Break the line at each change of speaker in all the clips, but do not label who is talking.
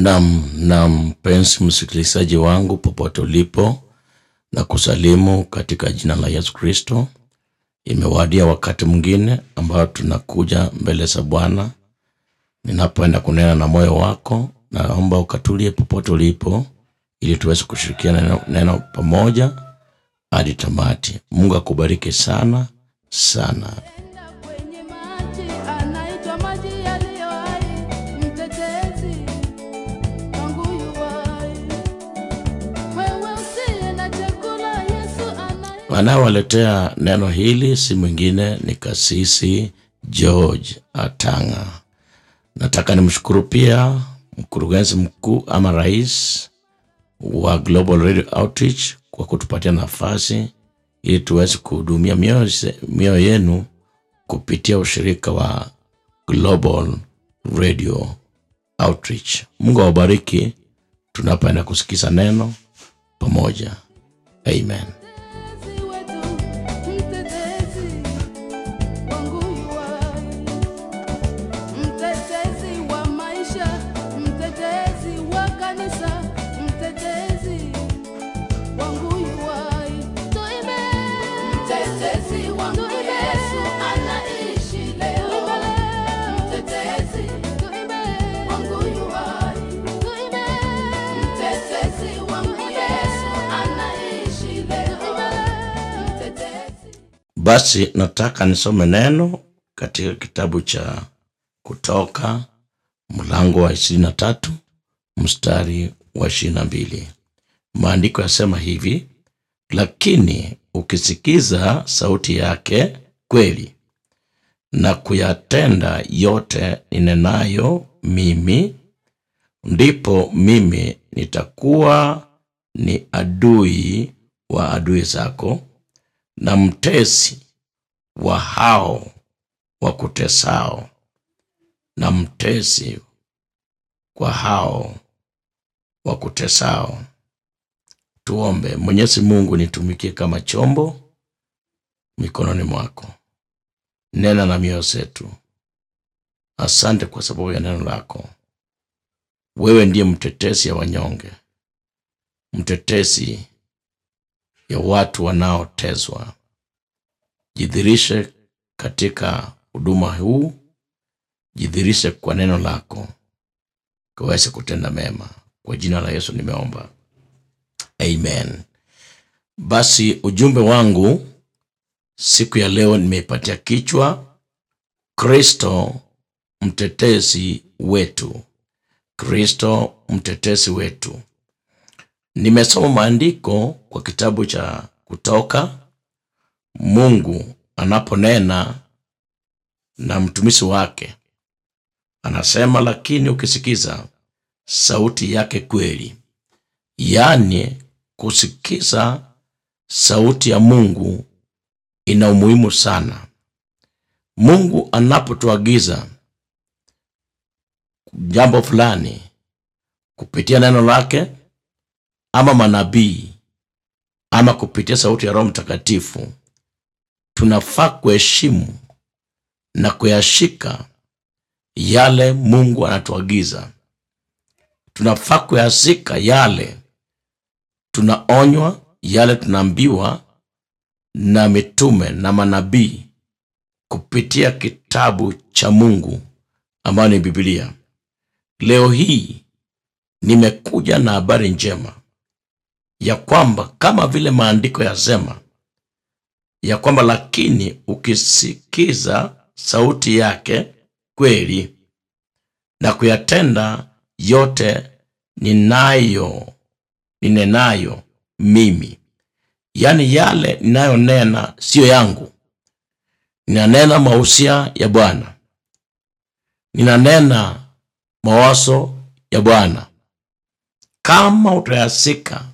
Nam na mpenzi msikilizaji wangu popote ulipo, na kusalimu katika jina la Yesu Kristo. Imewadia wakati mwingine ambao tunakuja mbele za Bwana. Ninapoenda kunena na moyo wako, naomba ukatulie popote ulipo, ili tuweze kushirikiana neno, neno pamoja hadi tamati. Mungu akubariki sana sana. Anawaletea neno hili si mwingine ni Kasisi George Atanga. Nataka nimshukuru pia mkurugenzi mkuu ama rais wa Global Radio Outreach kwa kutupatia nafasi ili tuweze kuhudumia mioyo yenu kupitia ushirika wa Global Radio Outreach. Mungu awabariki tunapoenda kusikiza neno pamoja. Amen. Basi nataka nisome neno katika kitabu cha Kutoka mlango wa ishirini na tatu mstari wa ishirini na mbili. Maandiko yasema hivi: lakini ukisikiza sauti yake kweli na kuyatenda yote ninenayo mimi, ndipo mimi nitakuwa ni adui wa adui zako na mtesi wa hao wakutesao, na mtesi kwa hao wakutesao. Tuombe. Mwenyezi Mungu, nitumikie kama chombo mikononi mwako, nena na mioyo yetu. Asante kwa sababu ya neno lako. Wewe ndiye mtetesi ya wanyonge, mtetesi ya watu wanaoteswa. Jidhirishe katika huduma huu, jidhirishe kwa neno lako, kaweze kutenda mema. Kwa jina la Yesu nimeomba, amen. Basi ujumbe wangu siku ya leo nimeipatia kichwa Kristo mtetezi wetu. Kristo mtetezi wetu. Nimesoma maandiko kwa kitabu cha Kutoka Mungu anaponena na mtumishi wake anasema, lakini ukisikiza sauti yake kweli, yaani kusikiza sauti ya Mungu ina umuhimu sana. Mungu anapotuagiza jambo fulani kupitia neno lake ama manabii ama kupitia sauti ya Roho Mtakatifu, tunafaa kuheshimu na kuyashika yale Mungu anatuagiza. Tunafaa kuyashika yale tunaonywa, yale tunaambiwa na mitume na manabii kupitia kitabu cha Mungu ambayo ni Biblia. Leo hii nimekuja na habari njema ya kwamba kama vile maandiko yasema ya kwamba lakini ukisikiza sauti yake kweli na kuyatenda yote ninayo ninenayo mimi, yaani yale ninayonena siyo yangu, ninanena mausia ya Bwana, ninanena mawaso ya Bwana. Kama utayasika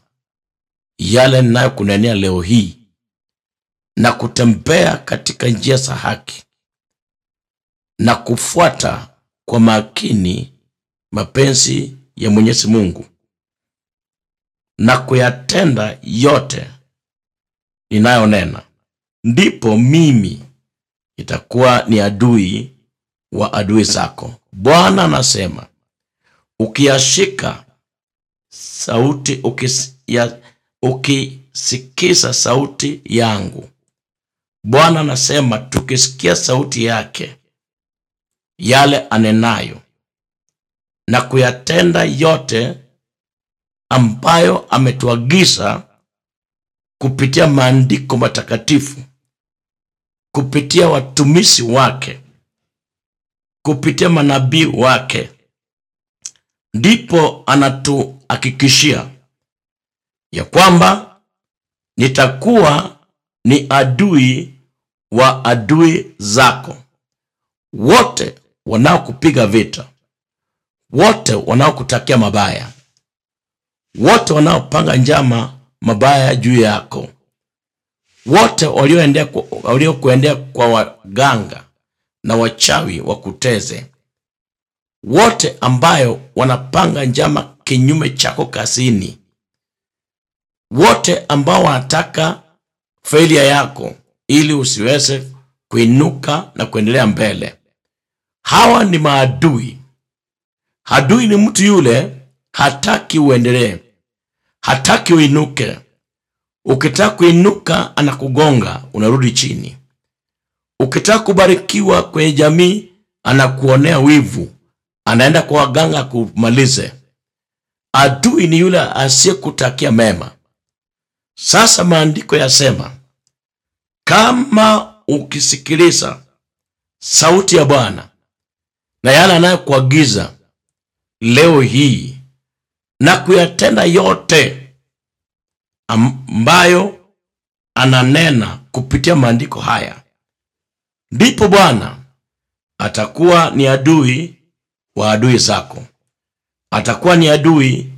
yale ninayokunenea leo hii na kutembea katika njia za haki na kufuata kwa makini mapenzi ya Mwenyezi Mungu na kuyatenda yote ninayonena, ndipo mimi itakuwa ni adui wa adui zako. Bwana anasema ukiyashika sauti ukisikiza sauti yangu Bwana anasema tukisikia sauti yake yale anenayo na kuyatenda yote ambayo ametuagiza kupitia maandiko matakatifu, kupitia watumishi wake, kupitia manabii wake, ndipo anatuhakikishia ya kwamba nitakuwa ni adui wa adui zako, wote wanaokupiga vita, wote wanaokutakia mabaya, wote wanaopanga njama mabaya juu yako, wote waliokuendea kwa waganga na wachawi wakuteze, wote ambayo wanapanga njama kinyume chako kazini, wote ambao wanataka failure yako ili usiweze kuinuka na kuendelea mbele. Hawa ni maadui. Adui ni mtu yule hataki uendelee, hataki uinuke. Ukitaka kuinuka, anakugonga unarudi chini. Ukitaka kubarikiwa kwenye jamii, anakuonea wivu, anaenda kwa waganga kumalize. Adui ni yule asiyekutakia mema. Sasa maandiko yasema kama ukisikiliza sauti ya Bwana na yale anayokuagiza leo hii na kuyatenda yote ambayo ananena kupitia maandiko haya, ndipo Bwana atakuwa ni adui wa adui zako, atakuwa ni adui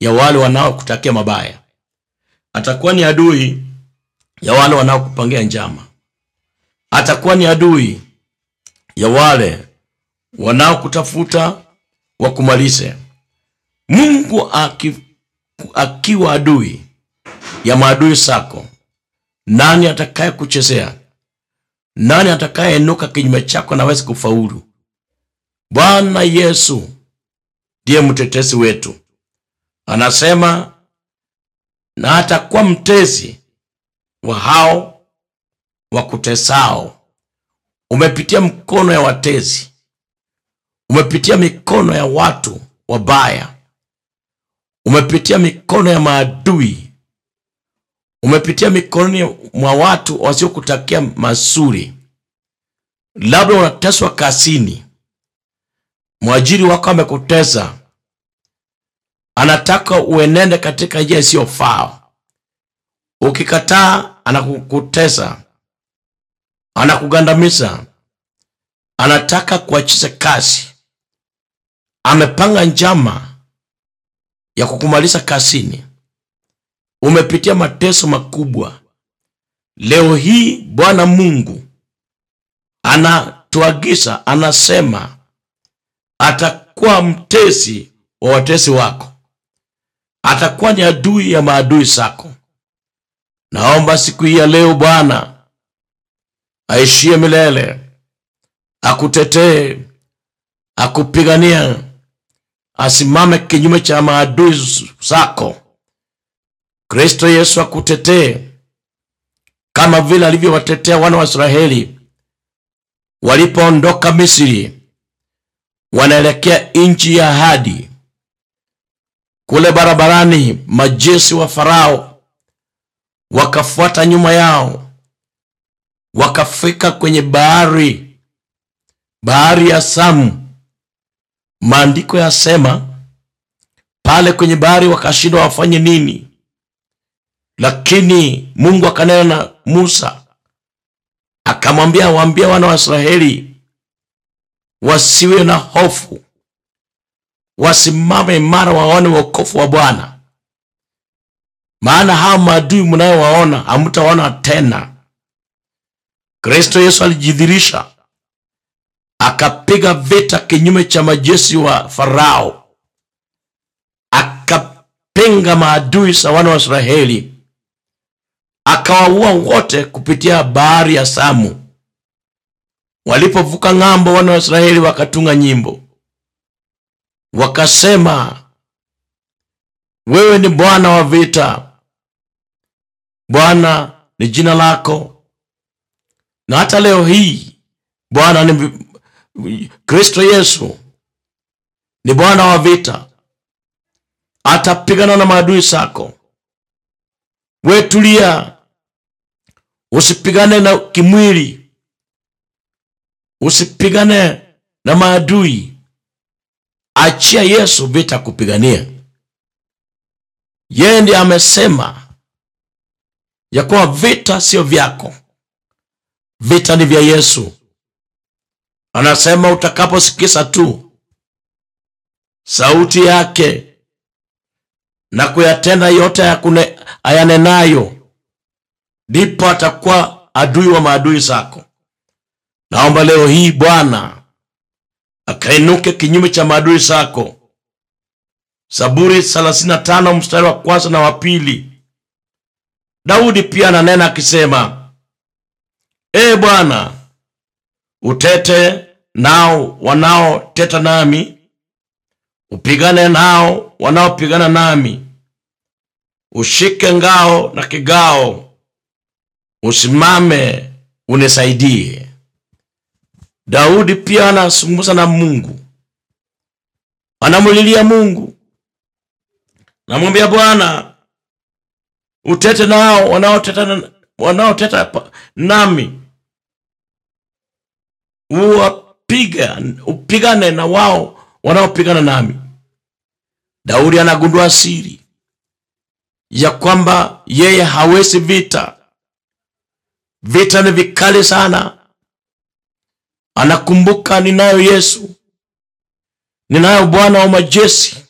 ya wale wanaokutakia mabaya, atakuwa ni adui ya wale wanaokupangia njama. Atakuwa ni adui ya wale wanaokutafuta wakumalize. Mungu aki, akiwa adui ya maadui zako, nani atakaye kuchezea? Nani atakaye enuka kinyume chako na wezi kufaulu? Bwana Yesu ndiye mtetezi wetu, anasema na atakuwa mtezi wa hao wakutesao, umepitia mkono ya watezi, umepitia mikono ya watu wabaya, umepitia mikono ya maadui, umepitia mikononi mwa watu wasiokutakia mazuri. Labda unateswa kazini, mwajiri wako amekutesa, anataka uenende katika njia isiyofaa Ukikataa anakukutesa, anakugandamiza, anataka kuachisha kazi, amepanga njama ya kukumaliza kazini. Umepitia mateso makubwa, leo hii Bwana Mungu anatuagiza, anasema atakuwa mtesi wa watesi wako, atakuwa ni adui ya maadui zako. Naomba siku hii ya leo Bwana aishie milele akutetee, akupigania, asimame kinyume cha maadui zako. Kristo Yesu akutetee kama vile alivyowatetea wana wa Israeli walipoondoka Misri wanaelekea nchi ya ahadi. Kule barabarani, majeshi wa Farao wakafuata nyuma yao, wakafika kwenye bahari, bahari ya Samu. Maandiko yasema pale kwenye bahari wakashindwa wafanye nini, lakini Mungu akanena na Musa akamwambia, waambie wana wa Israeli wasiwe na hofu, wasimame imara, waone wokovu wa Bwana maana hawa maadui mnayowaona hamtaona tena. Kristo Yesu alijidhirisha akapiga vita kinyume cha majeshi wa Farao, akapinga maadui za wana wa Israeli, akawaua wote kupitia bahari ya Samu. Walipovuka ng'ambo, wana wa Israeli wakatunga nyimbo, wakasema, wewe ni Bwana wa vita Bwana ni jina lako, na hata leo hii Bwana ni Kristo Yesu ni Bwana wa vita, atapigana na maadui zako. We tulia, usipigane na kimwili, usipigane na maadui. Achia Yesu vita kupigania. Yeye ndiye amesema ya kuwa vita sio vyako, vita ni vya Yesu. Anasema utakaposikisa tu sauti yake na kuyatenda yote ayanenayo, ndipo atakuwa adui wa maadui zako. Naomba leo hii Bwana akainuke kinyume cha maadui zako. Zaburi 35 mstari wa kwanza na wa pili Daudi pia ananena akisema, e Bwana, utete nao wanaoteta nami, upigane nao wanaopigana nami, ushike ngao na kigao, usimame unisaidie. Daudi pia anazungumza na Mungu, anamulilia Mungu, namwambia Bwana utete nao wanaoteta wanaoteta nami, uwapiga upigane na wao wanaopigana nami. Daudi anagundua siri ya kwamba yeye hawezi vita, vita ni vikali sana. Anakumbuka, ninayo Yesu, ninayo Bwana wa majeshi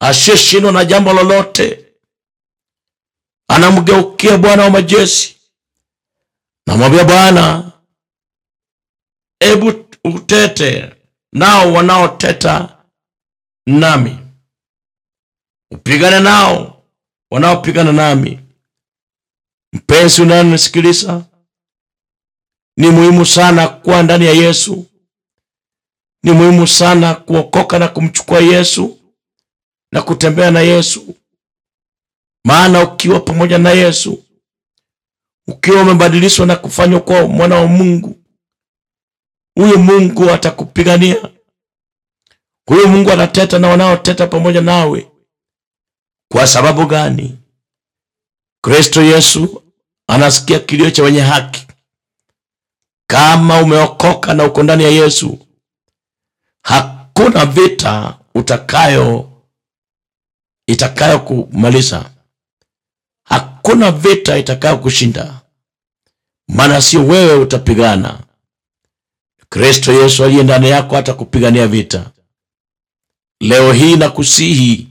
asiyeshindwa na jambo lolote anamgeukia Bwana wa majeshi, namwambia Bwana, ebu utete nao wanaoteta nami, upigane nao wanaopigana nami. Mpenzi unayonisikiliza, ni muhimu sana kuwa ndani ya Yesu. Ni muhimu sana kuokoka na kumchukua Yesu na kutembea na Yesu. Maana ukiwa pamoja na Yesu, ukiwa umebadilishwa na kufanywa kwa mwana wa Mungu, huyo Mungu atakupigania. Huyo Mungu atateta na wanaoteta pamoja nawe. Kwa sababu gani? Kristo Yesu anasikia kilio cha wenye haki. Kama umeokoka na uko ndani ya Yesu, hakuna vita utakayo itakayo kumaliza hakuna vita itakayo kushinda, maana sio wewe utapigana. Kristo Yesu aliye ndani yako atakupigania vita. Leo hii nakusihi,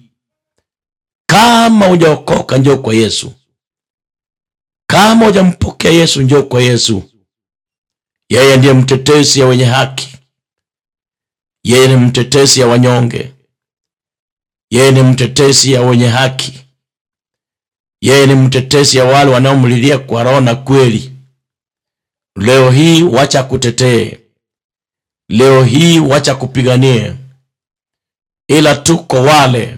kama hujaokoka njoo kwa Yesu, kama hujampokea Yesu njoo kwa Yesu. Yeye ndiye mtetesi ya wenye haki, yeye ni mtetesi ya wanyonge, yeye ni mtetesi ya wenye haki yeye ni mtetezi ya wale wanaomlilia kwa roho na kweli. Leo hii wacha kutetee, leo hii wacha kupiganie, ila tuko wale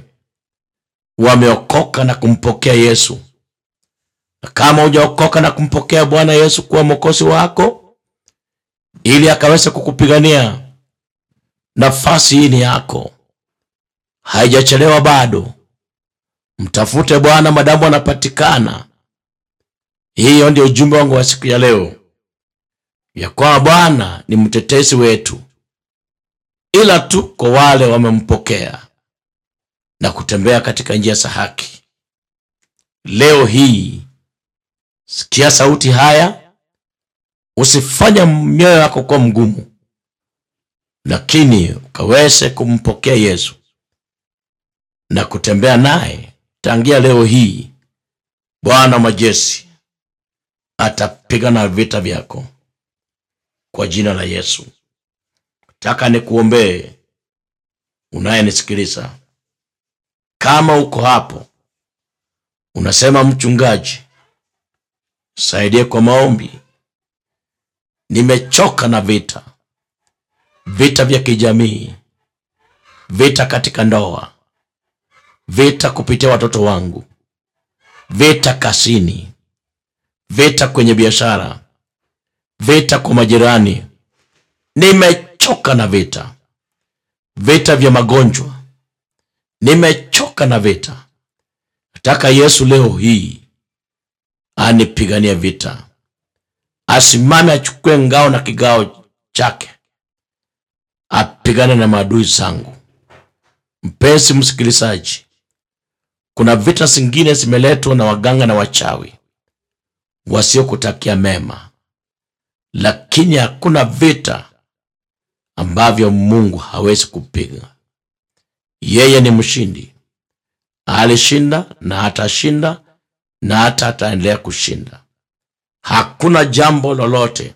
wameokoka na kumpokea Yesu. Na kama hujaokoka na kumpokea Bwana Yesu kuwa mwokozi wako, ili akaweze kukupigania, nafasi hii ni yako, haijachelewa bado. Mtafute Bwana madamu anapatikana. Hiyo ndio ujumbe wangu wa siku ya leo, ya kwamba Bwana ni mtetezi wetu, ila tu kwa wale wamempokea na kutembea katika njia za haki. Leo hii sikia sauti haya, usifanya mioyo yako kuwa mgumu, lakini ukaweze kumpokea Yesu na kutembea naye Tangia leo hii Bwana majesi atapigana vita vyako kwa jina la Yesu. Nataka nikuombee unayenisikiliza, kama uko hapo unasema, mchungaji, saidie kwa maombi, nimechoka na vita, vita vya kijamii, vita katika ndoa VETA kupitia watoto wangu, VETA kasini, VETA kwenye biashara, VETA kwa majirani. Nimechoka na VETA, VETA vya magonjwa, nimechoka na VETA. Nataka Yesu leo hii anipigania vita, asimame achukue ngao na kigao chake, apigane na maadui zangu. Mpenzi msikilizaji, kuna vita zingine zimeletwa na waganga na wachawi wasiokutakia mema, lakini hakuna vita ambavyo Mungu hawezi kupiga. Yeye ni mshindi, alishinda na atashinda na hata ataendelea kushinda. Hakuna jambo lolote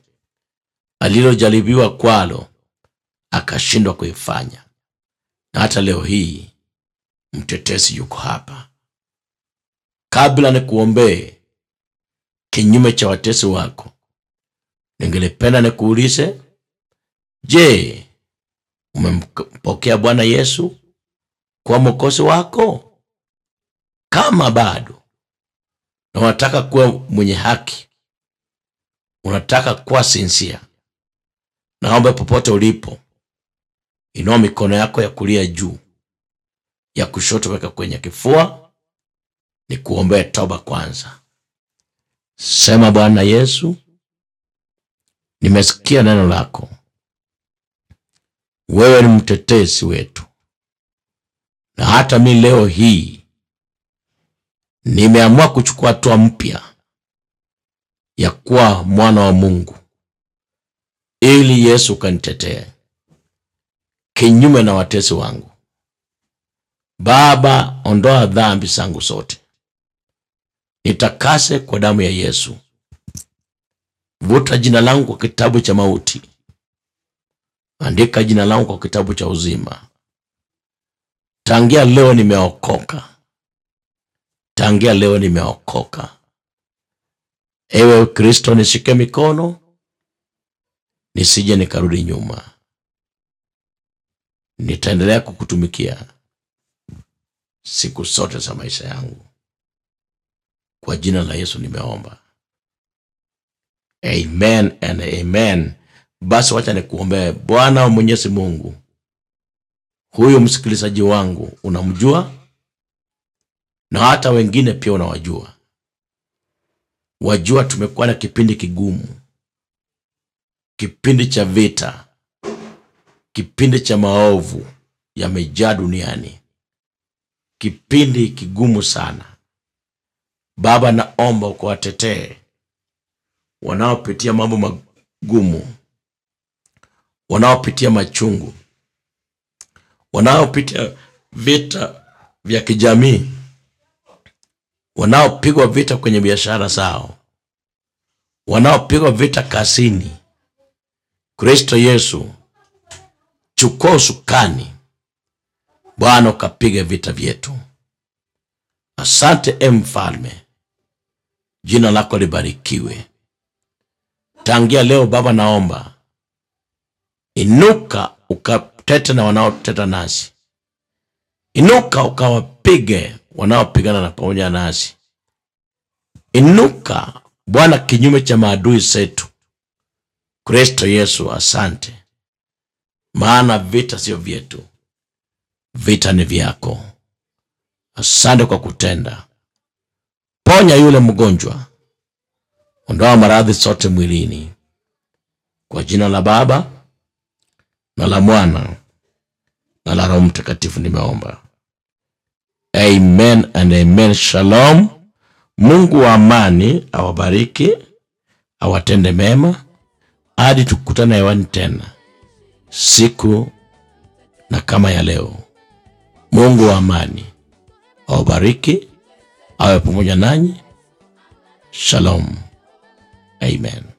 alilojaribiwa kwalo akashindwa kuifanya, na hata leo hii mtetezi yuko hapa. Kabla nikuombee kinyume cha watesi wako, ningelipenda nikuulize, je, umempokea Bwana Yesu kwa mwokozi wako? Kama bado na unataka kuwa mwenye haki, unataka kuwa sinsia, naomba popote ulipo, inua mikono yako ya kulia juu ya kushoto weka kwenye kifua, ni kuombea toba kwanza. Sema, Bwana Yesu, nimesikia neno lako. Wewe ni mtetezi wetu, na hata mi leo hii nimeamua kuchukua hatua mpya ya kuwa mwana wa Mungu ili Yesu kanitetee kinyume na watesi wangu. Baba, ondoa dhambi zangu zote, nitakase kwa damu ya Yesu, vuta jina langu kwa kitabu cha mauti, andika jina langu kwa kitabu cha uzima. Tangia leo nimeokoka, tangia leo nimeokoka. Ewe Kristo, nishike mikono nisije nikarudi nyuma, nitaendelea kukutumikia siku zote za maisha yangu. Kwa jina la Yesu nimeomba, amen and amen. Basi wacha nikuombee. Bwana wa Mwenyezi Mungu, huyu msikilizaji wangu unamjua, na hata wengine pia unawajua. Wajua tumekuwa na kipindi kigumu, kipindi cha vita, kipindi cha maovu yamejaa duniani kipindi kigumu sana. Baba, naomba ukuwatetee wanaopitia mambo magumu, wanaopitia machungu, wanaopitia vita vya kijamii, wanaopigwa vita kwenye biashara zao, wanaopigwa vita kazini. Kristo Yesu, chukua usukani Bwana ukapiga vita vyetu. Asante e mfalme, jina lako libarikiwe. Tangia leo Baba, naomba inuka ukatete na wanaoteta nasi, inuka ukawapige wanaopigana na pamoja nasi, inuka Bwana kinyume cha maadui zetu. Kristo Yesu, asante, maana vita sio vyetu vita ni vyako. Asante kwa kutenda. Ponya yule mgonjwa, ondoa maradhi sote mwilini, kwa jina la Baba na la Mwana na la Roho Mtakatifu nimeomba, amen and amen. Shalom. Mungu wa amani awabariki, awatende mema, hadi tukutane hewani tena siku na kama ya leo. Mungu wa amani awabariki, awe pamoja nanyi. Shalom, amen.